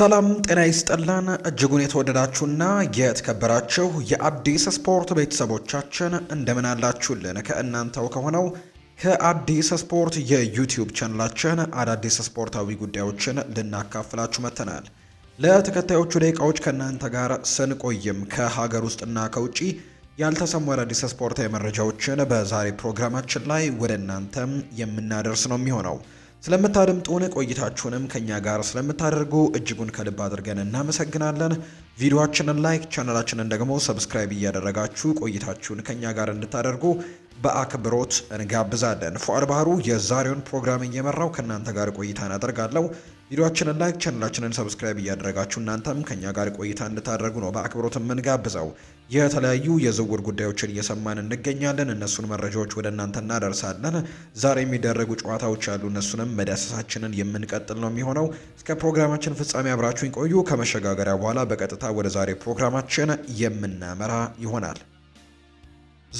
ሰላም ጤና ይስጠላን እጅጉን የተወደዳችሁና የተከበራችሁ የአዲስ ስፖርት ቤተሰቦቻችን እንደምን አላችሁልን? ከእናንተው ከሆነው ከአዲስ ስፖርት የዩቲዩብ ቻናላችን አዳዲስ ስፖርታዊ ጉዳዮችን ልናካፍላችሁ መጥተናል። ለተከታዮቹ ደቂቃዎች ከእናንተ ጋር ስንቆይም ከሀገር ውስጥና ከውጪ ያልተሰሙ አዳዲስ ስፖርታዊ መረጃዎችን በዛሬ ፕሮግራማችን ላይ ወደ እናንተም የምናደርስ ነው የሚሆነው ስለምታደምጡን ቆይታችሁንም ከኛ ጋር ስለምታደርጉ እጅጉን ከልብ አድርገን እናመሰግናለን። ቪዲዮአችንን ላይክ፣ ቻናላችንን ደግሞ ሰብስክራይብ እያደረጋችሁ ቆይታችሁን ከኛ ጋር እንድታደርጉ በአክብሮት እንጋብዛለን። ፉአድ ባህሩ የዛሬውን ፕሮግራም እየመራው ከእናንተ ጋር ቆይታ አደርጋለሁ። ቪዲዮአችንን ላይክ፣ ቻናላችንን ሰብስክራይብ እያደረጋችሁ እናንተም ከኛ ጋር ቆይታ እንድታደርጉ ነው በአክብሮት የምንጋብዘው። የተለያዩ የዝውውር ጉዳዮችን እየሰማን እንገኛለን። እነሱን መረጃዎች ወደ እናንተ እናደርሳለን። ዛሬ የሚደረጉ ጨዋታዎች አሉ። እነሱንም መዳሰሳችንን የምንቀጥል ነው የሚሆነው። እስከ ፕሮግራማችን ፍጻሜ አብራችሁን ቆዩ። ከመሸጋገሪያ በኋላ በቀጥታ ወደ ዛሬ ፕሮግራማችን የምናመራ ይሆናል።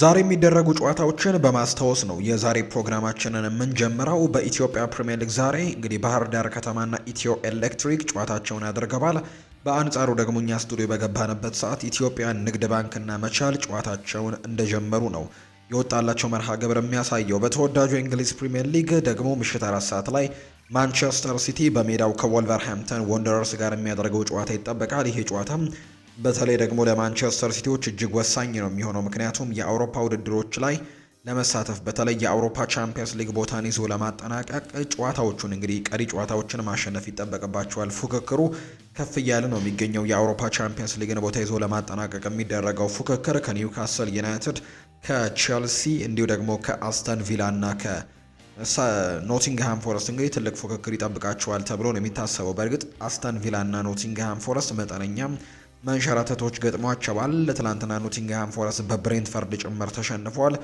ዛሬ የሚደረጉ ጨዋታዎችን በማስታወስ ነው የዛሬ ፕሮግራማችንን የምንጀምረው። በኢትዮጵያ ፕሪምየር ሊግ ዛሬ እንግዲህ ባህር ዳር ከተማና ኢትዮ ኤሌክትሪክ ጨዋታቸውን አድርገዋል። በአንጻሩ ደግሞ እኛ ስቱዲዮ በገባንበት ሰዓት ኢትዮጵያን ንግድ ባንክና መቻል ጨዋታቸውን እንደጀመሩ ነው የወጣላቸው መርሃ ግብር የሚያሳየው። በተወዳጁ የእንግሊዝ ፕሪምየር ሊግ ደግሞ ምሽት አራት ሰዓት ላይ ማንቸስተር ሲቲ በሜዳው ከወልቨርሃምፕተን ወንደረርስ ጋር የሚያደርገው ጨዋታ ይጠበቃል። ይሄ ጨዋታ በተለይ ደግሞ ለማንቸስተር ሲቲዎች እጅግ ወሳኝ ነው የሚሆነው ምክንያቱም የአውሮፓ ውድድሮች ላይ ለመሳተፍ በተለይ የአውሮፓ ቻምፒየንስ ሊግ ቦታን ይዞ ለማጠናቀቅ ጨዋታዎቹን እንግዲህ ቀሪ ጨዋታዎችን ማሸነፍ ይጠበቅባቸዋል። ፉክክሩ ከፍ እያለ ነው የሚገኘው። የአውሮፓ ቻምፒየንስ ሊግን ቦታ ይዞ ለማጠናቀቅ የሚደረገው ፉክክር ከኒውካስል ዩናይትድ፣ ከቼልሲ እንዲሁ ደግሞ ከአስተን ቪላ እና ከኖቲንግሃም ፎረስት እንግዲህ ትልቅ ፉክክር ይጠብቃቸዋል ተብሎ ነው የሚታሰበው። በእርግጥ አስተን ቪላ እና ኖቲንግሃም ፎረስት መጠነኛም መንሸራተቶች ገጥሟቸዋል። ትላንትና ኖቲንግሃም ፎረስት በብሬንትፈርድ ጭምር ተሸንፏል።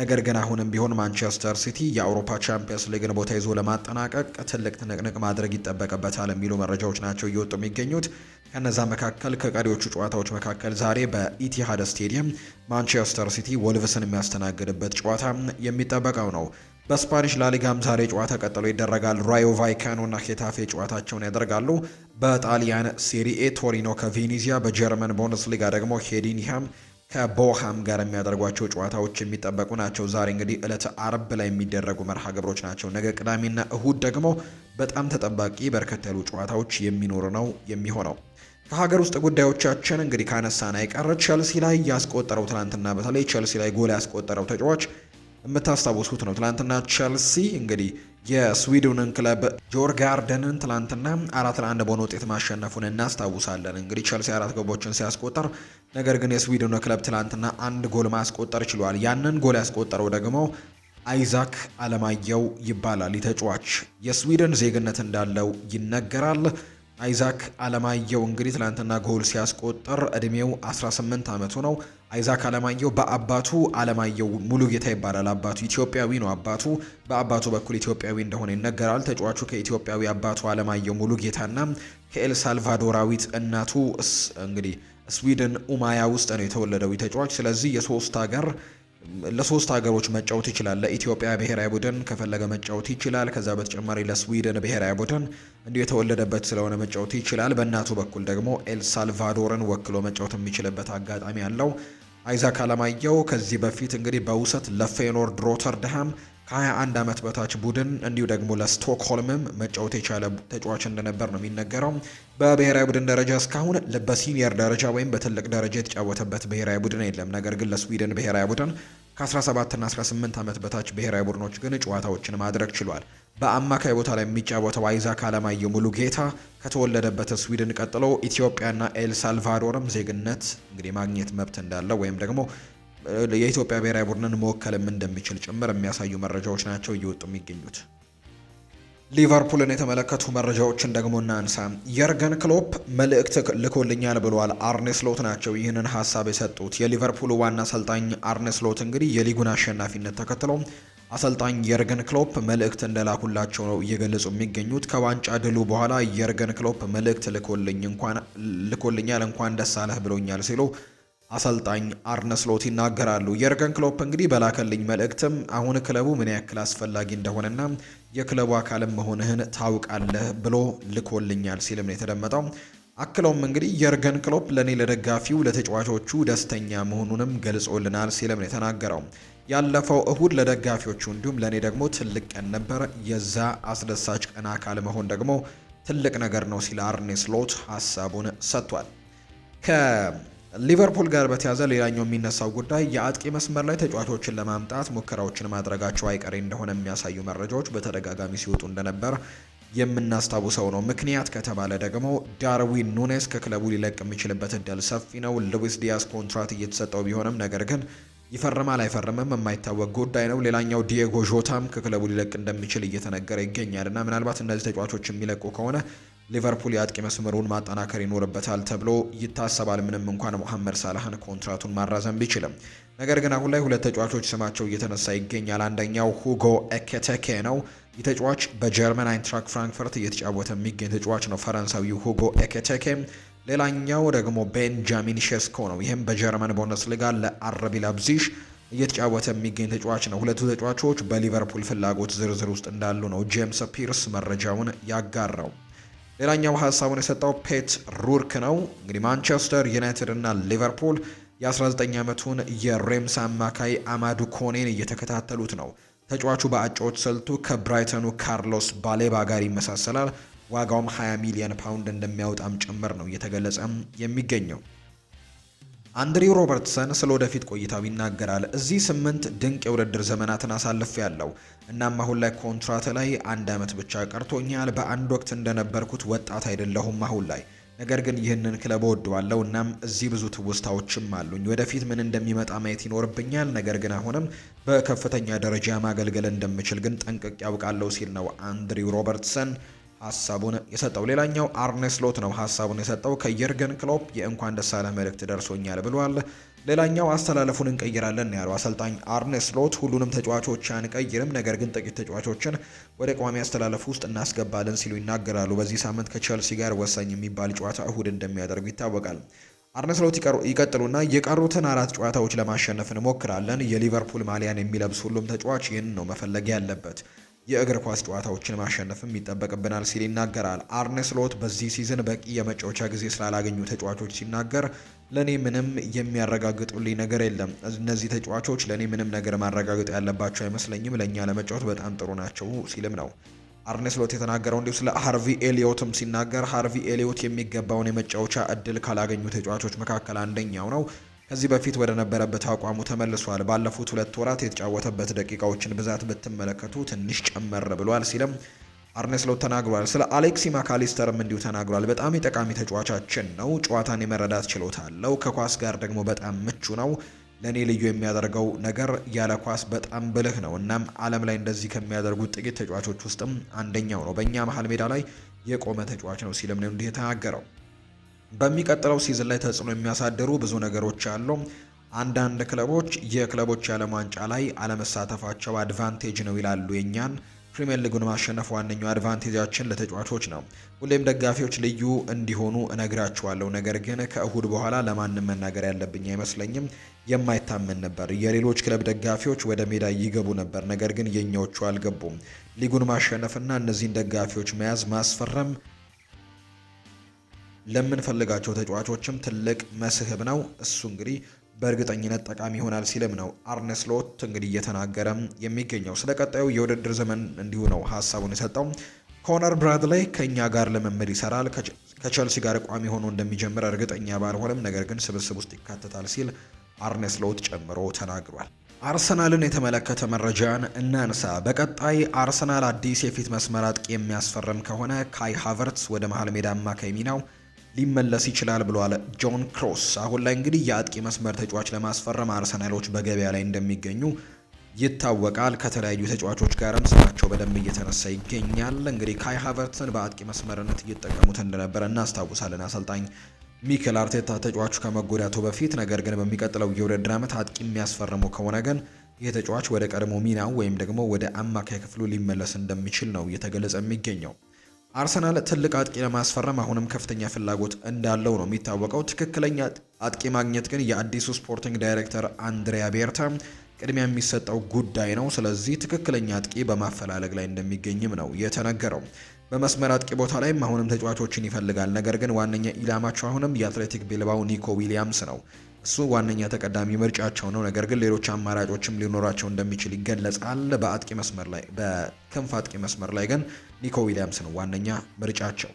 ነገር ግን አሁንም ቢሆን ማንቸስተር ሲቲ የአውሮፓ ቻምፒየንስ ሊግን ቦታ ይዞ ለማጠናቀቅ ትልቅ ትንቅንቅ ማድረግ ይጠበቅበታል የሚሉ መረጃዎች ናቸው እየወጡ የሚገኙት። ከነዛ መካከል ከቀሪዎቹ ጨዋታዎች መካከል ዛሬ በኢቲሃድ ስቴዲየም ማንቸስተር ሲቲ ወልቭስን የሚያስተናግድበት ጨዋታ የሚጠበቀው ነው። በስፓኒሽ ላሊጋም ዛሬ ጨዋታ ቀጥሎ ይደረጋል። ራዮ ቫይካኖ እና ሄታፌ ጨዋታቸውን ያደርጋሉ። በጣሊያን ሴሪኤ ቶሪኖ ከቬኒዚያ በጀርመን ሊጋ ደግሞ ሄዲንሃም ከቦሃም ጋር የሚያደርጓቸው ጨዋታዎች የሚጠበቁ ናቸው። ዛሬ እንግዲህ እለተ አርብ ላይ የሚደረጉ መርሃ ግብሮች ናቸው። ነገ ቅዳሜና እሁድ ደግሞ በጣም ተጠባቂ በርከት ያሉ ጨዋታዎች የሚኖሩ ነው የሚሆነው። ከሀገር ውስጥ ጉዳዮቻችን እንግዲህ ካነሳን አይቀር ቸልሲ ላይ ያስቆጠረው ትናንትና በተለይ ቸልሲ ላይ ጎል ያስቆጠረው ተጫዋች የምታስታውሱት ነው። ትላንትና ቸልሲ እንግዲህ የስዊድንን ክለብ ጆርጋርደንን ትላንትና አራት ለአንድ በሆነ ውጤት ማሸነፉን እናስታውሳለን። እንግዲህ ቸልሲ አራት ግቦችን ሲያስቆጠር፣ ነገር ግን የስዊድኑ ክለብ ትላንትና አንድ ጎል ማስቆጠር ችሏል። ያንን ጎል ያስቆጠረው ደግሞ አይዛክ አለማየው ይባላል። ተጫዋች የስዊድን ዜግነት እንዳለው ይነገራል። አይዛክ አለማየሁ እንግዲህ ትላንትና ጎል ሲያስቆጥር እድሜው 18 ዓመቱ ነው። አይዛክ አለማየሁ በአባቱ አለማየሁ ጌታ ይባላል። አባቱ ኢትዮጵያዊ ነው። አባቱ በአባቱ በኩል ኢትዮጵያዊ እንደሆነ ይነገራል። ተጫዋቹ ከኢትዮጵያዊ አባቱ አለማየሁ ሙሉጌታና ከኤልሳልቫዶራዊት እናቱ እንግዲህ ስዊድን ኡማያ ውስጥ ነው የተወለደው ተጫዋች። ስለዚህ የሶስት ሀገር ለሶስት ሀገሮች መጫወት ይችላል። ለኢትዮጵያ ብሔራዊ ቡድን ከፈለገ መጫወት ይችላል። ከዛ በተጨማሪ ለስዊድን ብሔራዊ ቡድን እንዲሁ የተወለደበት ስለሆነ መጫወት ይችላል። በእናቱ በኩል ደግሞ ኤልሳልቫዶርን ወክሎ መጫወት የሚችልበት አጋጣሚ አለው። አይዛክ አለማየሁ ከዚህ በፊት እንግዲህ በውሰት ለፌኖርድ ሮተርድሃም 21 ዓመት በታች ቡድን እንዲሁ ደግሞ ለስቶክሆልምም መጫወት የቻለ ተጫዋች እንደነበር ነው የሚነገረው። በብሔራዊ ቡድን ደረጃ እስካሁን በሲኒየር ደረጃ ወይም በትልቅ ደረጃ የተጫወተበት ብሔራዊ ቡድን የለም። ነገር ግን ለስዊድን ብሔራዊ ቡድን ከ17 እና 18 ዓመት በታች ብሔራዊ ቡድኖች ግን ጨዋታዎችን ማድረግ ችሏል። በአማካይ ቦታ ላይ የሚጫወተው አይዛክ አለማየሁ ሙሉ ጌታ ከተወለደበት ስዊድን ቀጥሎ ኢትዮጵያና ኤልሳልቫዶርም ዜግነት እንግዲህ ማግኘት መብት እንዳለው ወይም ደግሞ የኢትዮጵያ ብሔራዊ ቡድንን መወከልም እንደሚችል ጭምር የሚያሳዩ መረጃዎች ናቸው እየወጡ የሚገኙት። ሊቨርፑልን የተመለከቱ መረጃዎችን ደግሞ እናንሳ። የርገን ክሎፕ መልእክት ልኮልኛል ብሏል። አርኔስሎት ናቸው ይህንን ሀሳብ የሰጡት። የሊቨርፑል ዋና አሰልጣኝ አርኔስሎት እንግዲህ የሊጉን አሸናፊነት ተከትሎ አሰልጣኝ የርገን ክሎፕ መልእክት እንደላኩላቸው ነው እየገለጹ የሚገኙት። ከዋንጫ ድሉ በኋላ የርገን ክሎፕ መልእክት ልኮልኝ ልኮልኛል እንኳን ደስ አለህ ብሎኛል ሲሉ አሰልጣኝ አርነስሎት ይናገራሉ። የርገን ክሎፕ እንግዲህ በላከልኝ መልእክትም አሁን ክለቡ ምን ያክል አስፈላጊ እንደሆነና የክለቡ አካልም መሆንህን ታውቃለህ ብሎ ልኮልኛል ሲልም ነው የተደመጠው። አክለውም እንግዲህ የርገን ክሎፕ ለእኔ ለደጋፊው፣ ለተጫዋቾቹ ደስተኛ መሆኑንም ገልጾልናል ሲልም ነው የተናገረው። ያለፈው እሁድ ለደጋፊዎቹ እንዲሁም ለእኔ ደግሞ ትልቅ ቀን ነበር። የዛ አስደሳች ቀን አካል መሆን ደግሞ ትልቅ ነገር ነው ሲል አርኔ ስሎት ሀሳቡን ሰጥቷል። ሊቨርፑል ጋር በተያዘ ሌላኛው የሚነሳው ጉዳይ የአጥቂ መስመር ላይ ተጫዋቾችን ለማምጣት ሙከራዎችን ማድረጋቸው አይቀሬ እንደሆነ የሚያሳዩ መረጃዎች በተደጋጋሚ ሲወጡ እንደነበር የምናስታውሰው ነው። ምክንያት ከተባለ ደግሞ ዳርዊን ኑኔስ ከክለቡ ሊለቅ የሚችልበት እድል ሰፊ ነው። ሉዊስ ዲያስ ኮንትራት እየተሰጠው ቢሆንም ነገር ግን ይፈርማል አይፈርምም የማይታወቅ ጉዳይ ነው። ሌላኛው ዲየጎ ዦታም ከክለቡ ሊለቅ እንደሚችል እየተነገረ ይገኛል እና ምናልባት እነዚህ ተጫዋቾች የሚለቁ ከሆነ ሊቨርፑል የአጥቂ መስመሩን ማጠናከር ይኖርበታል ተብሎ ይታሰባል። ምንም እንኳን ሞሐመድ ሳላህን ኮንትራቱን ማራዘም ቢችልም፣ ነገር ግን አሁን ላይ ሁለት ተጫዋቾች ስማቸው እየተነሳ ይገኛል። አንደኛው ሁጎ ኤኬቴኬ ነው። ይህ ተጫዋች በጀርመን አይንትራክ ፍራንክፈርት እየተጫወተ የሚገኝ ተጫዋች ነው፣ ፈረንሳዊው ሁጎ ኤኬቴኬ። ሌላኛው ደግሞ ቤንጃሚን ሼስኮ ነው። ይህም በጀርመን ቡንደስሊጋ ለአረቢ ላይፕዚግ እየተጫወተ የሚገኝ ተጫዋች ነው። ሁለቱ ተጫዋቾች በሊቨርፑል ፍላጎት ዝርዝር ውስጥ እንዳሉ ነው ጄምስ ፒርስ መረጃውን ያጋራው። ሌላኛው ሀሳቡን የሰጠው ፔት ሩርክ ነው። እንግዲህ ማንቸስተር ዩናይትድ እና ሊቨርፑል የ19 ዓመቱን የሬምስ አማካይ አማዱ ኮኔን እየተከታተሉት ነው። ተጫዋቹ በአጫዎች ስልቱ ከብራይተኑ ካርሎስ ባሌባ ጋር ይመሳሰላል። ዋጋውም 20 ሚሊዮን ፓውንድ እንደሚያወጣም ጭምር ነው እየተገለጸም የሚገኘው። አንድሪው ሮበርትሰን ስለ ወደፊት ቆይታው ይናገራል። እዚህ ስምንት ድንቅ የውድድር ዘመናትን አሳልፍ ያለው እናም አሁን ላይ ኮንትራት ላይ አንድ ዓመት ብቻ ቀርቶኛል። በአንድ ወቅት እንደነበርኩት ወጣት አይደለሁም አሁን ላይ ነገር ግን ይህንን ክለብ ወደዋለሁ። እናም እዚህ ብዙ ትውስታዎችም አሉኝ። ወደፊት ምን እንደሚመጣ ማየት ይኖርብኛል። ነገር ግን አሁንም በከፍተኛ ደረጃ ማገልገል እንደምችል ግን ጠንቅቅ ያውቃለሁ ሲል ነው አንድሪው ሮበርትሰን ሀሳቡን የሰጠው። ሌላኛው አርነስ ሎት ነው ሀሳቡን የሰጠው። ከየርገን ክሎፕ የእንኳን ደሳለ መልእክት ደርሶኛል ብሏል። ሌላኛው አስተላለፉን እንቀይራለን ነው ያለው አሰልጣኝ አርነስ ሎት ሁሉንም ተጫዋቾች አንቀይርም፣ ነገር ግን ጥቂት ተጫዋቾችን ወደ ቋሚ አስተላለፉ ውስጥ እናስገባለን ሲሉ ይናገራሉ። በዚህ ሳምንት ከቸልሲ ጋር ወሳኝ የሚባል ጨዋታ እሁድ እንደሚያደርጉ ይታወቃል። አርነ ስሎት ይቀጥሉና የቀሩትን አራት ጨዋታዎች ለማሸነፍ እንሞክራለን። የሊቨርፑል ማሊያን የሚለብስ ሁሉም ተጫዋች ይህን ነው መፈለግ ያለበት። የእግር ኳስ ጨዋታዎችን ማሸነፍም ይጠበቅብናል ሲል ይናገራል። አርኔስሎት በዚህ ሲዝን በቂ የመጫወቻ ጊዜ ስላላገኙ ተጫዋቾች ሲናገር ለእኔ ምንም የሚያረጋግጡልኝ ነገር የለም። እነዚህ ተጫዋቾች ለእኔ ምንም ነገር ማረጋገጥ ያለባቸው አይመስለኝም። ለእኛ ለመጫወት በጣም ጥሩ ናቸው ሲልም ነው አርኔስሎት የተናገረው። እንዲሁ ስለ ሃርቪ ኤሊዮትም ሲናገር ሃርቪ ኤሊዮት የሚገባውን የመጫወቻ እድል ካላገኙ ተጫዋቾች መካከል አንደኛው ነው ከዚህ በፊት ወደ ነበረበት አቋሙ ተመልሷል። ባለፉት ሁለት ወራት የተጫወተበት ደቂቃዎችን ብዛት ብትመለከቱ ትንሽ ጨመር ብሏል ሲልም አርኔ ተናግሯል። ስለ አሌክሲ ማካሊስተርም እንዲሁ ተናግሯል። በጣም የጠቃሚ ተጫዋቻችን ነው። ጨዋታን የመረዳት ችሎታ አለው። ከኳስ ጋር ደግሞ በጣም ምቹ ነው። ለእኔ ልዩ የሚያደርገው ነገር ያለ ኳስ በጣም ብልህ ነው። እናም ዓለም ላይ እንደዚህ ከሚያደርጉት ጥቂት ተጫዋቾች ውስጥም አንደኛው ነው። በእኛ መሀል ሜዳ ላይ የቆመ ተጫዋች ነው ሲልም ነው እንዲህ የተናገረው። በሚቀጥለው ሲዝን ላይ ተጽዕኖ የሚያሳድሩ ብዙ ነገሮች አሉ። አንዳንድ ክለቦች የክለቦች የዓለም ዋንጫ ላይ አለመሳተፋቸው አድቫንቴጅ ነው ይላሉ። የእኛን ፕሪምየር ሊጉን ማሸነፍ ዋነኛው አድቫንቴጃችን ለተጫዋቾች ነው። ሁሌም ደጋፊዎች ልዩ እንዲሆኑ እነግራቸዋለሁ። ነገር ግን ከእሁድ በኋላ ለማንም መናገር ያለብኝ አይመስለኝም። የማይታመን ነበር። የሌሎች ክለብ ደጋፊዎች ወደ ሜዳ ይገቡ ነበር፣ ነገር ግን የኛዎቹ አልገቡም። ሊጉን ማሸነፍና እነዚህን ደጋፊዎች መያዝ ማስፈረም ለምንፈልጋቸው ተጫዋቾችም ትልቅ መስህብ ነው። እሱ እንግዲህ በእርግጠኝነት ጠቃሚ ይሆናል ሲልም ነው አርነስሎት እንግዲህ እየተናገረም የሚገኘው። ስለ ቀጣዩ የውድድር ዘመን እንዲሁ ነው ሀሳቡን የሰጠው። ኮነር ብራድላይ ከእኛ ጋር ልምምድ ይሰራል። ከቸልሲ ጋር ቋሚ ሆኖ እንደሚጀምር እርግጠኛ ባልሆንም፣ ነገር ግን ስብስብ ውስጥ ይካተታል ሲል አርነስሎት ጨምሮ ተናግሯል። አርሰናልን የተመለከተ መረጃን እናንሳ። በቀጣይ አርሰናል አዲስ የፊት መስመር አጥቂ የሚያስፈርም ከሆነ ካይ ሃቨርትስ ወደ መሀል ሜዳ አማካይ ሚናው ሊመለስ ይችላል ብሏል ጆን ክሮስ። አሁን ላይ እንግዲህ የአጥቂ መስመር ተጫዋች ለማስፈረም አርሰናሎች በገበያ ላይ እንደሚገኙ ይታወቃል። ከተለያዩ ተጫዋቾች ጋርም ስማቸው በደንብ እየተነሳ ይገኛል። እንግዲህ ካይ ሃቨርትስን በአጥቂ መስመርነት እየጠቀሙት እንደነበረ እናስታውሳለን። አሰልጣኝ ሚኬል አርቴታ ተጫዋቹ ከመጎዳቱ በፊት ነገር ግን በሚቀጥለው የውድድር ዓመት አጥቂ የሚያስፈርሙ ከሆነ ግን ይህ ተጫዋች ወደ ቀድሞ ሚናው ወይም ደግሞ ወደ አማካይ ክፍሉ ሊመለስ እንደሚችል ነው እየተገለጸ የሚገኘው። አርሰናል ትልቅ አጥቂ ለማስፈረም አሁንም ከፍተኛ ፍላጎት እንዳለው ነው የሚታወቀው። ትክክለኛ አጥቂ ማግኘት ግን የአዲሱ ስፖርቲንግ ዳይሬክተር አንድሪያ ቤርታ ቅድሚያ የሚሰጠው ጉዳይ ነው። ስለዚህ ትክክለኛ አጥቂ በማፈላለግ ላይ እንደሚገኝም ነው የተነገረው። በመስመር አጥቂ ቦታ ላይም አሁንም ተጫዋቾችን ይፈልጋል። ነገር ግን ዋነኛ ኢላማቸው አሁንም የአትሌቲክ ቢልባው ኒኮ ዊሊያምስ ነው። እሱ ዋነኛ ተቀዳሚ ምርጫቸው ነው። ነገር ግን ሌሎች አማራጮችም ሊኖራቸው እንደሚችል ይገለጻል። በአጥቂ መስመር ላይ በክንፍ አጥቂ መስመር ላይ ግን ኒኮ ዊሊያምስ ነው ዋነኛ ምርጫቸው።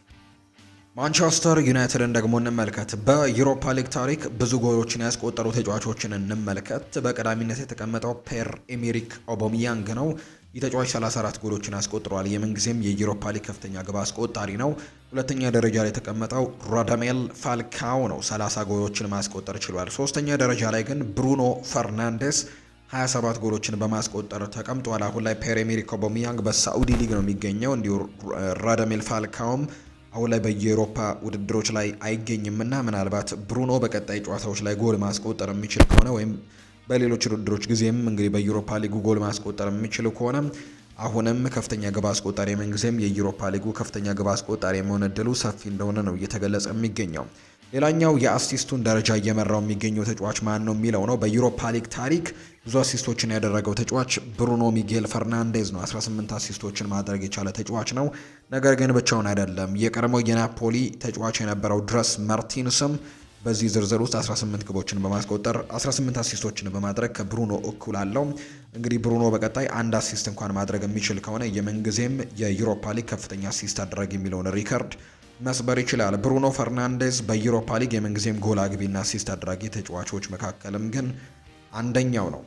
ማንቸስተር ዩናይትድን ደግሞ እንመልከት። በዩሮፓ ሊግ ታሪክ ብዙ ጎሎችን ያስቆጠሩ ተጫዋቾችን እንመልከት። በቀዳሚነት የተቀመጠው ፔር ኤሜሪክ ኦቦሚያንግ ነው። የተጫዋች 34 ጎሎችን አስቆጥሯል። የምንጊዜም የዩሮፓ ሊግ ከፍተኛ ግብ አስቆጣሪ ነው። ሁለተኛ ደረጃ ላይ የተቀመጠው ራዳሜል ፋልካው ነው፣ 30 ጎሎችን ማስቆጠር ችሏል። ሶስተኛ ደረጃ ላይ ግን ብሩኖ ፈርናንዴስ 27 ጎሎችን በማስቆጠር ተቀምጧል። አሁን ላይ ፔር ኤሜሪክ ኦቦሚያንግ በሳዑዲ ሊግ ነው የሚገኘው። እንዲሁ ራዳሜል ፋልካውም አሁን ላይ በየአውሮፓ ውድድሮች ላይ አይገኝምና ምናልባት ብሩኖ በቀጣይ ጨዋታዎች ላይ ጎል ማስቆጠር የሚችል ከሆነ ወይም በሌሎች ውድድሮች ጊዜም እንግዲህ በዩሮፓ ሊጉ ጎል ማስቆጠር የሚችል ከሆነ አሁንም ከፍተኛ ግብ አስቆጣሪ ምንጊዜም የዩሮፓ ሊጉ ከፍተኛ ግብ አስቆጣሪ የመሆን እድሉ ሰፊ እንደሆነ ነው እየተገለጸ የሚገኘው። ሌላኛው የአሲስቱን ደረጃ እየመራው የሚገኘው ተጫዋች ማን ነው የሚለው ነው። በዩሮፓ ሊግ ታሪክ ብዙ አሲስቶችን ያደረገው ተጫዋች ብሩኖ ሚጌል ፈርናንዴዝ ነው። 18 አሲስቶችን ማድረግ የቻለ ተጫዋች ነው። ነገር ግን ብቻውን አይደለም። የቀድሞው የናፖሊ ተጫዋች የነበረው ድረስ ማርቲንስም በዚህ ዝርዝር ውስጥ 18 ግቦችን በማስቆጠር 18 አሲስቶችን በማድረግ ከብሩኖ እኩል አለው። እንግዲህ ብሩኖ በቀጣይ አንድ አሲስት እንኳን ማድረግ የሚችል ከሆነ የምንጊዜም የዩሮፓ ሊግ ከፍተኛ አሲስት አደረግ የሚለውን ሪከርድ መስበር ይችላል። ብሩኖ ፈርናንዴዝ በዩሮፓ ሊግ የምንጊዜም ጎል አግቢና አሲስት አድራጊ ተጫዋቾች መካከልም ግን አንደኛው ነው።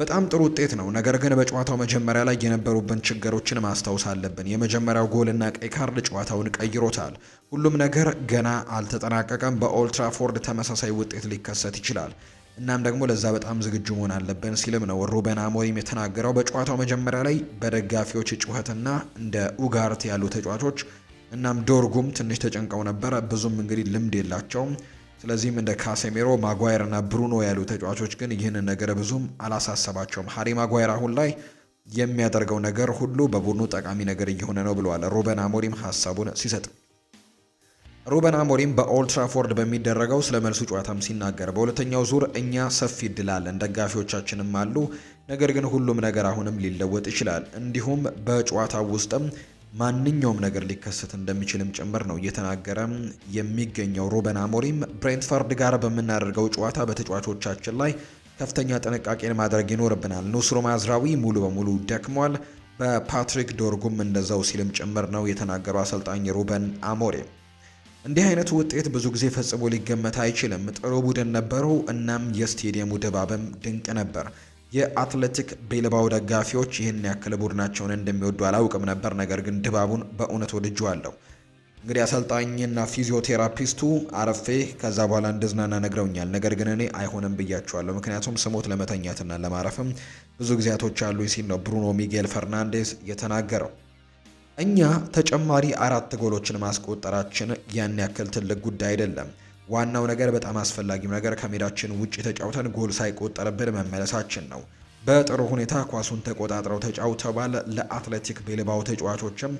በጣም ጥሩ ውጤት ነው። ነገር ግን በጨዋታው መጀመሪያ ላይ የነበሩብን ችግሮችን ማስታወስ አለብን። የመጀመሪያው ጎልና ቀይ ካርድ ጨዋታውን ቀይሮታል። ሁሉም ነገር ገና አልተጠናቀቀም። በኦልትራፎርድ ተመሳሳይ ውጤት ሊከሰት ይችላል። እናም ደግሞ ለዛ በጣም ዝግጁ መሆን አለብን ሲልም ነው ሩበን አሞሪም የተናገረው። በጨዋታው መጀመሪያ ላይ በደጋፊዎች ጩኸትና እንደ ኡጋርት ያሉ ተጫዋቾች እናም ዶርጉም ትንሽ ተጨንቀው ነበረ። ብዙም እንግዲህ ልምድ የላቸውም። ስለዚህም እንደ ካሴሜሮ ማጓየር እና ብሩኖ ያሉ ተጫዋቾች ግን ይህንን ነገር ብዙም አላሳሰባቸውም። ሀሪ ማጓየር አሁን ላይ የሚያደርገው ነገር ሁሉ በቡድኑ ጠቃሚ ነገር እየሆነ ነው ብለዋል ሩበን አሞሪም ሀሳቡን ሲሰጥ። ሩበን አሞሪም በኦልትራፎርድ በሚደረገው ስለ መልሱ ጨዋታም ሲናገር በሁለተኛው ዙር እኛ ሰፊ እድል አለን፣ ደጋፊዎቻችንም አሉ። ነገር ግን ሁሉም ነገር አሁንም ሊለወጥ ይችላል። እንዲሁም በጨዋታው ውስጥም ማንኛውም ነገር ሊከሰት እንደሚችልም ጭምር ነው እየተናገረ የሚገኘው። ሩበን አሞሪም ብሬንትፈርድ ጋር በምናደርገው ጨዋታ በተጫዋቾቻችን ላይ ከፍተኛ ጥንቃቄን ማድረግ ይኖርብናል። ኑስሩ ማዝራዊ ሙሉ በሙሉ ደክሟል፣ በፓትሪክ ዶርጉም እንደዛው ሲልም ጭምር ነው የተናገረው አሰልጣኝ ሩበን አሞሪም። እንዲህ አይነቱ ውጤት ብዙ ጊዜ ፈጽሞ ሊገመት አይችልም። ጥሩ ቡድን ነበሩ፣ እናም የስቴዲየሙ ድባብም ድንቅ ነበር። የአትሌቲክ ቤልባው ደጋፊዎች ይህን ያክል ቡድናቸውን እንደሚወዱ አላውቅም ነበር፣ ነገር ግን ድባቡን በእውነት ወድጄዋለሁ። እንግዲህ አሰልጣኝና ፊዚዮቴራፒስቱ አረፌ ከዛ በኋላ እንድዝናና ነግረውኛል። ነገር ግን እኔ አይሆንም ብያቸዋለሁ፣ ምክንያቱም ስሞት ለመተኛትና ለማረፍም ብዙ ጊዜያቶች አሉ ሲል ነው ብሩኖ ሚጌል ፈርናንዴስ የተናገረው። እኛ ተጨማሪ አራት ጎሎችን ማስቆጠራችን ያን ያክል ትልቅ ጉዳይ አይደለም። ዋናው ነገር በጣም አስፈላጊው ነገር ከሜዳችን ውጭ ተጫውተን ጎል ሳይቆጠርብን መመለሳችን ነው። በጥሩ ሁኔታ ኳሱን ተቆጣጥረው ተጫውተዋል። ለአትሌቲክ ቤልባው ተጫዋቾችም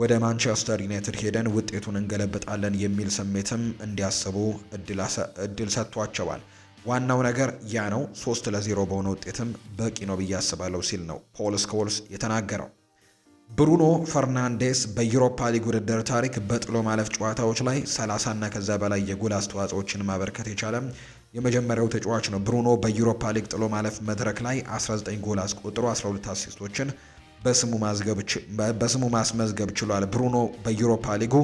ወደ ማንቸስተር ዩናይትድ ሄደን ውጤቱን እንገለብጣለን የሚል ስሜትም እንዲያስቡ እድል ሰጥቷቸዋል። ዋናው ነገር ያ ነው። ሶስት ለዜሮ በሆነ ውጤትም በቂ ነው ብዬ አስባለሁ ሲል ነው ፖል ስኮልስ የተናገረው። ብሩኖ ፈርናንዴስ በዩሮፓ ሊግ ውድድር ታሪክ በጥሎ ማለፍ ጨዋታዎች ላይ 30 እና ከዛ በላይ የጎል አስተዋጽኦችን ማበርከት የቻለ የመጀመሪያው ተጫዋች ነው። ብሩኖ በዩሮፓ ሊግ ጥሎ ማለፍ መድረክ ላይ 19 ጎል አስቆጥሮ 12 አሲስቶችን በስሙ ማስመዝገብ ችሏል። ብሩኖ በዩሮፓ ሊጉ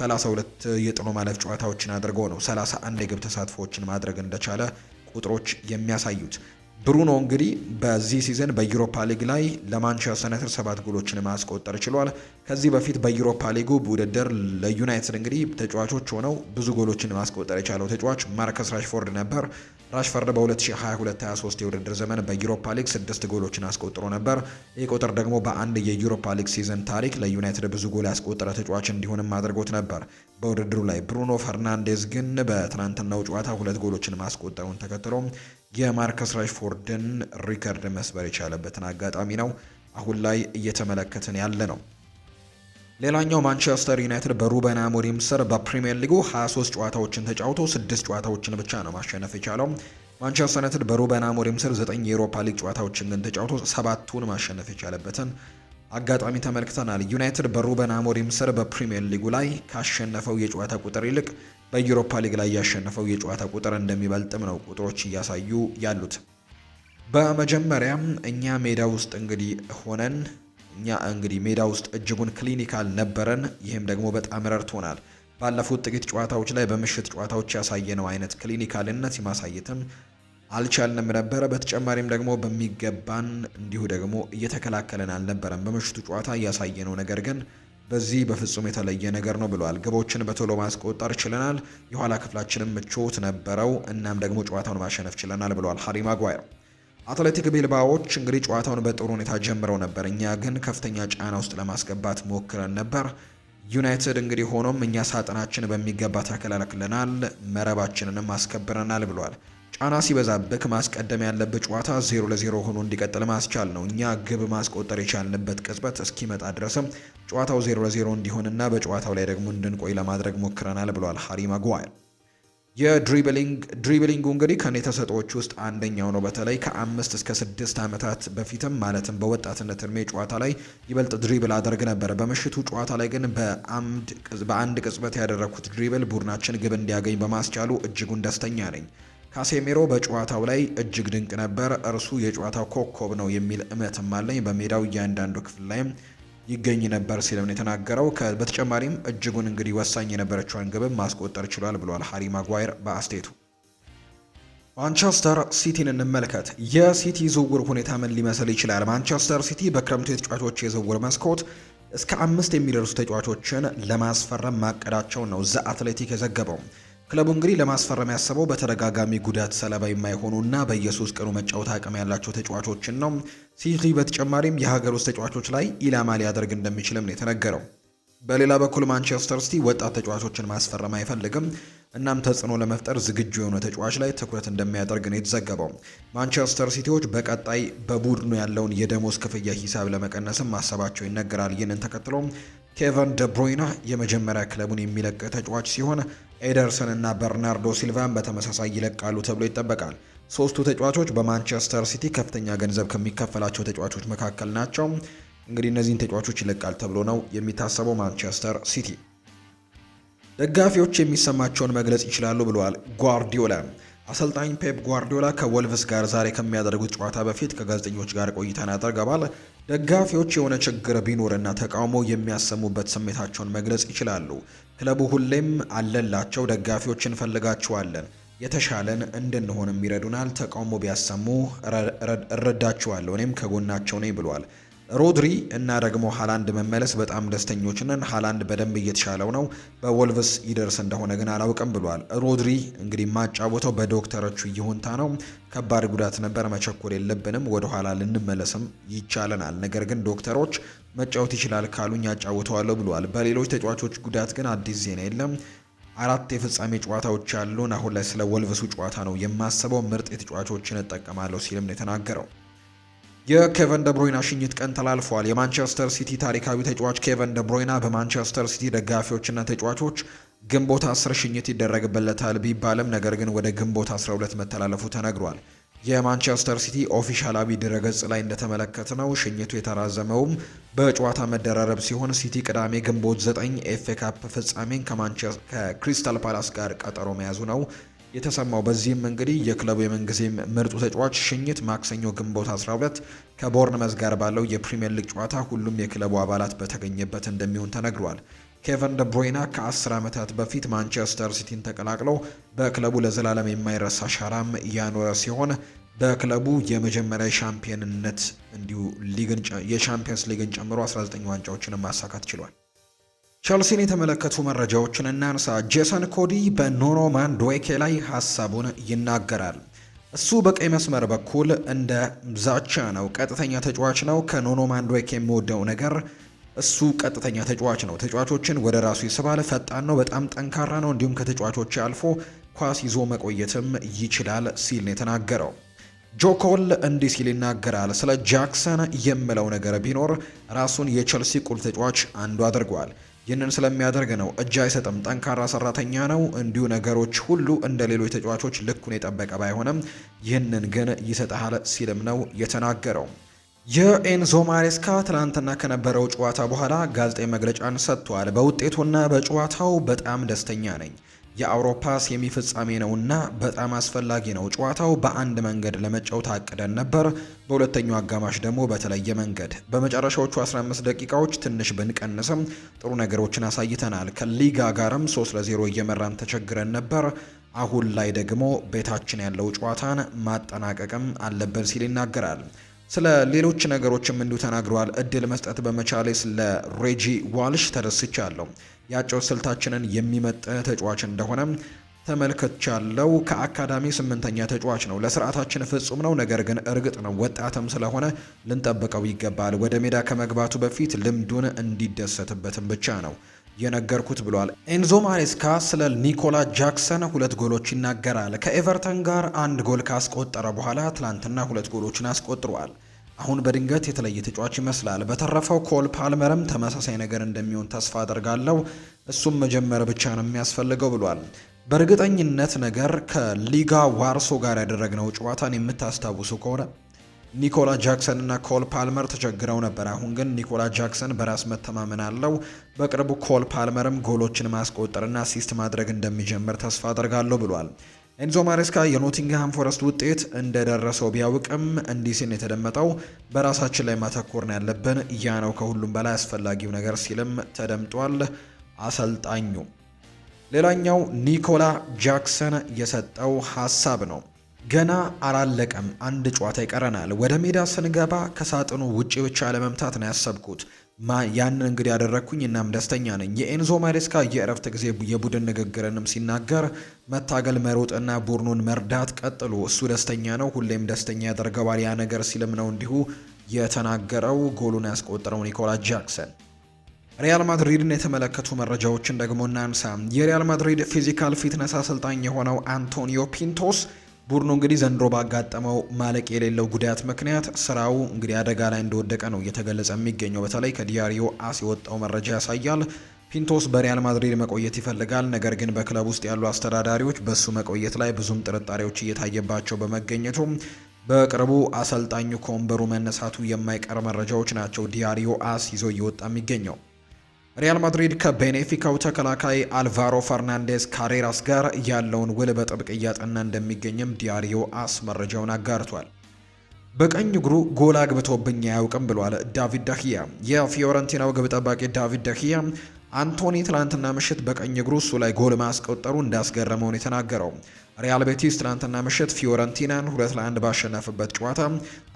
32 የጥሎ ማለፍ ጨዋታዎችን አድርጎ ነው 31 የግብ ተሳትፎዎችን ማድረግ እንደቻለ ቁጥሮች የሚያሳዩት። ብሩኖ እንግዲህ በዚህ ሲዝን በዩሮፓ ሊግ ላይ ለማንቸስተር ዩናይትድ ሰባት ጎሎችን ማስቆጠር ችሏል። ከዚህ በፊት በዩሮፓ ሊጉ ውድድር ለዩናይትድ እንግዲህ ተጫዋቾች ሆነው ብዙ ጎሎችን ማስቆጠር የቻለው ተጫዋች ማርከስ ራሽፎርድ ነበር። ራሽፈርድ በ2022-23 የውድድር ዘመን በዩሮፓ ሊግ ስድስት ጎሎችን አስቆጥሮ ነበር። ይህ ቁጥር ደግሞ በአንድ የዩሮፓ ሊግ ሲዝን ታሪክ ለዩናይትድ ብዙ ጎል ያስቆጠረ ተጫዋች እንዲሆንም አድርጎት ነበር በውድድሩ ላይ። ብሩኖ ፈርናንዴዝ ግን በትናንትናው ጨዋታ ሁለት ጎሎችን ማስቆጠሩን ተከትሎም የማርከስ ራሽፎርድን ሪከርድ መስበር የቻለበትን አጋጣሚ ነው አሁን ላይ እየተመለከትን ያለ ነው። ሌላኛው ማንቸስተር ዩናይትድ በሩበን አሞሪም ስር በፕሪምየር ሊጉ 23 ጨዋታዎችን ተጫውቶ 6 ጨዋታዎችን ብቻ ነው ማሸነፍ የቻለው። ማንቸስተር ዩናይትድ በሩበን አሞሪም ስር 9 የኤሮፓ ሊግ ጨዋታዎችን ግን ተጫውቶ ሰባቱን ማሸነፍ የቻለበትን አጋጣሚ ተመልክተናል። ዩናይትድ በሩበን አሞሪም ስር በፕሪምየር ሊጉ ላይ ካሸነፈው የጨዋታ ቁጥር ይልቅ በዩሮፓ ሊግ ላይ ያሸነፈው የጨዋታ ቁጥር እንደሚበልጥም ነው ቁጥሮች እያሳዩ ያሉት። በመጀመሪያም እኛ ሜዳ ውስጥ እንግዲህ ሆነን እኛ እንግዲህ ሜዳ ውስጥ እጅጉን ክሊኒካል ነበረን። ይህም ደግሞ በጣም ረድቶናል። ባለፉት ጥቂት ጨዋታዎች ላይ በምሽት ጨዋታዎች ያሳየነው አይነት ክሊኒካልነት ማሳየትም አልቻልንም ነበረ። በተጨማሪም ደግሞ በሚገባን እንዲሁ ደግሞ እየተከላከለን አልነበረም። በምሽቱ ጨዋታ እያሳየነው ነገር ግን በዚህ በፍጹም የተለየ ነገር ነው ብለዋል። ግቦችን በቶሎ ማስቆጠር ችለናል፣ የኋላ ክፍላችንም ምቾት ነበረው፣ እናም ደግሞ ጨዋታውን ማሸነፍ ችለናል ብለዋል ሀሪ ማጓየር። አትሌቲክ ቢልባዎች እንግዲህ ጨዋታውን በጥሩ ሁኔታ ጀምረው ነበር፣ እኛ ግን ከፍተኛ ጫና ውስጥ ለማስገባት ሞክረን ነበር። ዩናይትድ እንግዲህ ሆኖም እኛ ሳጥናችን በሚገባ ተከላክለናል፣ መረባችንንም አስከብረናል ብለዋል። ጫና ሲበዛብክ ማስቀደም ያለበት ጨዋታ ዜሮ ለዜሮ ሆኖ እንዲቀጥል ማስቻል ነው። እኛ ግብ ማስቆጠር የቻልንበት ቅጽበት እስኪመጣ ድረስም ጨዋታው ዜሮ ለዜሮ እንዲሆንና በጨዋታው ላይ ደግሞ እንድንቆይ ለማድረግ ሞክረናል ብሏል ሀሪ ማጓየር። የድሪብሊንጉ እንግዲህ ከኔ ተሰጦዎች ውስጥ አንደኛው ነው። በተለይ ከአምስት እስከ ስድስት ዓመታት በፊትም ማለትም በወጣትነት እድሜ ጨዋታ ላይ ይበልጥ ድሪብል አደርግ ነበር። በምሽቱ ጨዋታ ላይ ግን በአንድ ቅጽበት ያደረግኩት ድሪብል ቡድናችን ግብ እንዲያገኝ በማስቻሉ እጅጉን ደስተኛ ነኝ። ካሴሜሮ በጨዋታው ላይ እጅግ ድንቅ ነበር። እርሱ የጨዋታው ኮከብ ነው የሚል እምነትም አለኝ። በሜዳው እያንዳንዱ ክፍል ላይም ይገኝ ነበር ሲልም የተናገረው። በተጨማሪም እጅጉን እንግዲህ ወሳኝ የነበረችውን ግብም ማስቆጠር ችሏል ብሏል ሃሪ ማጓየር በአስቴቱ። ማንቸስተር ሲቲን እንመልከት። የሲቲ ዝውውር ሁኔታ ምን ሊመስል ይችላል? ማንቸስተር ሲቲ በክረምቱ የተጫዋቾች የዝውውር መስኮት እስከ አምስት የሚደርሱ ተጫዋቾችን ለማስፈረም ማቀዳቸው ነው ዘ አትሌቲክ የዘገበው። ክለቡ እንግዲህ ለማስፈረም ያሰበው በተደጋጋሚ ጉዳት ሰለባ የማይሆኑና በየሶስት ቀኑ መጫወት አቅም ያላቸው ተጫዋቾችን ነው። ሲቲ በተጨማሪም የሀገር ውስጥ ተጫዋቾች ላይ ኢላማ ሊያደርግ እንደሚችልም ነው የተነገረው። በሌላ በኩል ማንቸስተር ሲቲ ወጣት ተጫዋቾችን ማስፈረም አይፈልግም። እናም ተጽዕኖ ለመፍጠር ዝግጁ የሆነ ተጫዋች ላይ ትኩረት እንደሚያደርግ ነው የተዘገበው። ማንቸስተር ሲቲዎች በቀጣይ በቡድኑ ያለውን የደሞዝ ክፍያ ሂሳብ ለመቀነስም ማሰባቸው ይነገራል። ይህንን ተከትሎ ኬቨን ደብሮይና የመጀመሪያ ክለቡን የሚለቅ ተጫዋች ሲሆን ኤደርሰን እና በርናርዶ ሲልቫን በተመሳሳይ ይለቃሉ ተብሎ ይጠበቃል። ሶስቱ ተጫዋቾች በማንቸስተር ሲቲ ከፍተኛ ገንዘብ ከሚከፈላቸው ተጫዋቾች መካከል ናቸው። እንግዲህ እነዚህን ተጫዋቾች ይለቃል ተብሎ ነው የሚታሰበው ማንቸስተር ሲቲ። ደጋፊዎች የሚሰማቸውን መግለጽ ይችላሉ ብለዋል ጓርዲዮላ። አሰልጣኝ ፔፕ ጓርዲዮላ ከወልቭስ ጋር ዛሬ ከሚያደርጉት ጨዋታ በፊት ከጋዜጠኞች ጋር ቆይታን ያደርገባል። ደጋፊዎች የሆነ ችግር ቢኖርና ተቃውሞ የሚያሰሙበት ስሜታቸውን መግለጽ ይችላሉ። ክለቡ ሁሌም አለላቸው። ደጋፊዎች እንፈልጋችኋለን፣ የተሻለን እንድንሆንም ይረዱናል። ተቃውሞ ቢያሰሙ እረዳችኋለሁ፣ እኔም ከጎናቸው ነኝ ብሏል። ሮድሪ እና ደግሞ ሀላንድ መመለስ በጣም ደስተኞች ነን። ሀላንድ በደንብ እየተሻለው ነው። በወልቭስ ይደርስ እንደሆነ ግን አላውቅም ብሏል። ሮድሪ እንግዲህ ማጫወተው በዶክተሮቹ ይሁንታ ነው። ከባድ ጉዳት ነበር። መቸኮል የለብንም። ወደኋላ ልንመለስም ይቻለናል። ነገር ግን ዶክተሮች መጫወት ይችላል ካሉኝ ያጫውተዋለሁ ብሏል። በሌሎች ተጫዋቾች ጉዳት ግን አዲስ ዜና የለም። አራት የፍጻሜ ጨዋታዎች ያሉን። አሁን ላይ ስለ ወልቭሱ ጨዋታ ነው የማስበው። ምርጥ የተጫዋቾችን እጠቀማለሁ ሲልም ነው የተናገረው። የኬቨን ደብሮይና ሽኝት ቀን ተላልፏል። የማንቸስተር ሲቲ ታሪካዊ ተጫዋች ኬቨን ደብሮይና በማንቸስተር ሲቲ ደጋፊዎችና ተጫዋቾች ግንቦት 10 ሽኝት ይደረግበታል ቢባልም ነገር ግን ወደ ግንቦት 12 መተላለፉ ተነግሯል። የማንቸስተር ሲቲ ኦፊሻላዊ ድረገጽ ላይ እንደተመለከትነው ሽኝቱ የተራዘመውም በጨዋታ መደራረብ ሲሆን ሲቲ ቅዳሜ ግንቦት 9 ኤፍኤ ካፕ ፍጻሜን ከክሪስታል ፓላስ ጋር ቀጠሮ መያዙ ነው የተሰማው። በዚህም እንግዲህ የክለቡ የምንጊዜም ምርጡ ተጫዋች ሽኝት ማክሰኞ ግንቦት 12 ከቦርንመዝ ጋር ባለው የፕሪምየር ሊግ ጨዋታ ሁሉም የክለቡ አባላት በተገኘበት እንደሚሆን ተነግሯል። ኬቨን ደብሮይና ከ10 ዓመታት በፊት ማንቸስተር ሲቲን ተቀላቅሎ በክለቡ ለዘላለም የማይረሳ ሻራም ያኖረ ሲሆን በክለቡ የመጀመሪያ ሻምፒየንነት እንዲሁ ሊግን የሻምፒየንስ ሊግን ጨምሮ 19 ዋንጫዎችንም ማሳካት ችሏል። ቸልሲን የተመለከቱ መረጃዎችን እናንሳ። ጄሰን ኮዲ በኖኖ ማንድዌኬ ላይ ሀሳቡን ይናገራል። እሱ በቀይ መስመር በኩል እንደ ዛቻ ነው። ቀጥተኛ ተጫዋች ነው። ከኖኖ ማንድዌኬ የሚወደው ነገር እሱ ቀጥተኛ ተጫዋች ነው። ተጫዋቾችን ወደ ራሱ ይስባል። ፈጣን ነው። በጣም ጠንካራ ነው። እንዲሁም ከተጫዋቾች አልፎ ኳስ ይዞ መቆየትም ይችላል ሲል ነው የተናገረው። ጆኮል እንዲህ ሲል ይናገራል። ስለ ጃክሰን የምለው ነገር ቢኖር ራሱን የቸልሲ ቁልፍ ተጫዋች አንዱ አድርጓል። ይህንን ስለሚያደርግ ነው እጅ አይሰጥም። ጠንካራ ሰራተኛ ነው። እንዲሁ ነገሮች ሁሉ እንደ ሌሎች ተጫዋቾች ልኩን የጠበቀ ባይሆንም ይህንን ግን ይሰጥሃል ሲልም ነው የተናገረው። የኤንዞ ማሬስካ ትላንትና ከነበረው ጨዋታ በኋላ ጋዜጣዊ መግለጫን ሰጥቷል። በውጤቱና በጨዋታው በጣም ደስተኛ ነኝ የአውሮፓ ሴሚ ፍጻሜ ነውና በጣም አስፈላጊ ነው። ጨዋታው በአንድ መንገድ ለመጫወት አቅደን ነበር፣ በሁለተኛው አጋማሽ ደግሞ በተለየ መንገድ። በመጨረሻዎቹ 15 ደቂቃዎች ትንሽ ብንቀንስም ጥሩ ነገሮችን አሳይተናል። ከሊጋ ጋርም 3 ለ0 እየመራን ተቸግረን ነበር። አሁን ላይ ደግሞ ቤታችን ያለው ጨዋታን ማጠናቀቅም አለብን ሲል ይናገራል። ስለ ሌሎች ነገሮችም እንዲሁ ተናግረዋል። እድል መስጠት በመቻሌ ስለ ሬጂ ዋልሽ ተደስቻለሁ። የአጨዋወት ስልታችንን የሚመጥን ተጫዋች እንደሆነ ተመልክቻለሁ። ከአካዳሚ ስምንተኛ ተጫዋች ነው። ለስርዓታችን ፍጹም ነው። ነገር ግን እርግጥ ነው ወጣትም ስለሆነ ልንጠብቀው ይገባል። ወደ ሜዳ ከመግባቱ በፊት ልምዱን እንዲደሰትበትም ብቻ ነው የነገርኩት ብሏል። ኤንዞ ማሬስካ ስለ ኒኮላ ጃክሰን ሁለት ጎሎች ይናገራል። ከኤቨርተን ጋር አንድ ጎል ካስቆጠረ በኋላ ትላንትና ሁለት ጎሎችን አስቆጥሯል። አሁን በድንገት የተለየ ተጫዋች ይመስላል። በተረፈው ኮል ፓልመርም ተመሳሳይ ነገር እንደሚሆን ተስፋ አደርጋለሁ። እሱም መጀመር ብቻ ነው የሚያስፈልገው ብሏል። በእርግጠኝነት ነገር ከሊጋ ዋርሶ ጋር ያደረግነው ጨዋታን የምታስታውሱ ከሆነ ኒኮላ ጃክሰን እና ኮል ፓልመር ተቸግረው ነበር። አሁን ግን ኒኮላ ጃክሰን በራስ መተማመን አለው። በቅርቡ ኮል ፓልመርም ጎሎችን ማስቆጠርና አሲስት ማድረግ እንደሚጀምር ተስፋ አደርጋለሁ ብሏል። ኤንዞ ማሬስካ የኖቲንግሃም ፎረስት ውጤት እንደደረሰው ቢያውቅም እንዲህ ሲል የተደመጠው በራሳችን ላይ ማተኮር ያለብን፣ ያ ነው ከሁሉም በላይ አስፈላጊው ነገር ሲልም ተደምጧል። አሰልጣኙ ሌላኛው ኒኮላ ጃክሰን የሰጠው ሀሳብ ነው። ገና አላለቀም፣ አንድ ጨዋታ ይቀረናል። ወደ ሜዳ ስንገባ ከሳጥኑ ውጪ ብቻ ለመምታት ነው ያሰብኩት ያንን እንግዲህ ያደረግኩኝ እናም ደስተኛ ነኝ። የኤንዞ ማሬስካ የእረፍት ጊዜ የቡድን ንግግርንም ሲናገር መታገል፣ መሮጥና ቡድኑን መርዳት ቀጥሉ፣ እሱ ደስተኛ ነው፣ ሁሌም ደስተኛ ያደርገዋል ያ ነገር ሲልም ነው እንዲሁ የተናገረው። ጎሉን ያስቆጠረው ኒኮላስ ጃክሰን። ሪያል ማድሪድን የተመለከቱ መረጃዎችን ደግሞ እናንሳ። የሪያል ማድሪድ ፊዚካል ፊትነስ አሰልጣኝ የሆነው አንቶኒዮ ፒንቶስ ቡድኑ እንግዲህ ዘንድሮ ባጋጠመው ማለቅ የሌለው ጉዳት ምክንያት ስራው እንግዲህ አደጋ ላይ እንደወደቀ ነው እየተገለጸ የሚገኘው። በተለይ ከዲያሪዮ አስ የወጣው መረጃ ያሳያል። ፒንቶስ በሪያል ማድሪድ መቆየት ይፈልጋል። ነገር ግን በክለብ ውስጥ ያሉ አስተዳዳሪዎች በእሱ መቆየት ላይ ብዙም ጥርጣሬዎች እየታየባቸው በመገኘቱ በቅርቡ አሰልጣኙ ከወንበሩ መነሳቱ የማይቀር መረጃዎች ናቸው ዲያሪዮ አስ ይዞ እየወጣ የሚገኘው። ሪያል ማድሪድ ከቤኔፊካው ተከላካይ አልቫሮ ፈርናንዴዝ ካሬራስ ጋር ያለውን ውል በጥብቅ እያጠና እንደሚገኝም ዲያሪዮ አስ መረጃውን አጋርቷል። በቀኝ እግሩ ጎል አግብቶብኝ አያውቅም ብሏል ዳቪድ ዳሂያ። የፊዮረንቲናው ግብ ጠባቂ ዳቪድ ደህያ አንቶኒ ትላንትና ምሽት በቀኝ እግሩ እሱ ላይ ጎል ማስቆጠሩ እንዳስገረመውን የተናገረው ሪያል ቤቲስ ትላንትና ምሽት ፊዮረንቲናን ሁለት ለአንድ ባሸነፍበት ጨዋታ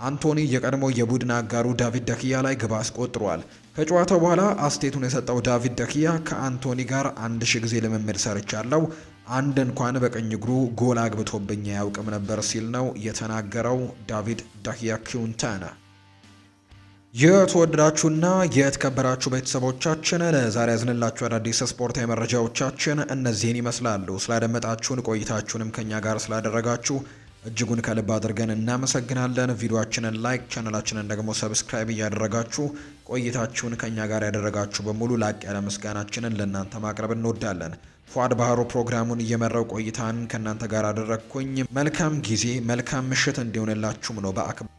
አንቶኒ የቀድሞ የቡድን አጋሩ ዳቪድ ዳሂያ ላይ ግብ አስቆጥሯል። ከጨዋታው በኋላ አስቴቱን የሰጠው ዳቪድ ደኪያ ከአንቶኒ ጋር አንድ ሺ ጊዜ ልምምድ ሰርቻለሁ፣ አንድ እንኳን በቀኝ እግሩ ጎል አግብቶብኝ አያውቅም ነበር ሲል ነው የተናገረው። ዳቪድ ዳኪያ ኪዩንታና። የተወደዳችሁና የተከበራችሁ ቤተሰቦቻችን ለዛሬ ያዝንላችሁ አዳዲስ ስፖርታዊ መረጃዎቻችን እነዚህን ይመስላሉ። ስላደመጣችሁን ቆይታችሁንም ከኛ ጋር ስላደረጋችሁ እጅጉን ከልብ አድርገን እናመሰግናለን። ቪዲዮችንን ላይክ ቻናላችንን ደግሞ ሰብስክራይብ እያደረጋችሁ ቆይታችሁን ከእኛ ጋር ያደረጋችሁ በሙሉ ላቅ ያለ ምስጋናችንን ለእናንተ ማቅረብ እንወዳለን። ፏድ ባህሩ ፕሮግራሙን እየመራው ቆይታን ከእናንተ ጋር አደረግኩኝ። መልካም ጊዜ መልካም ምሽት እንዲሆንላችሁም ነው በአክብ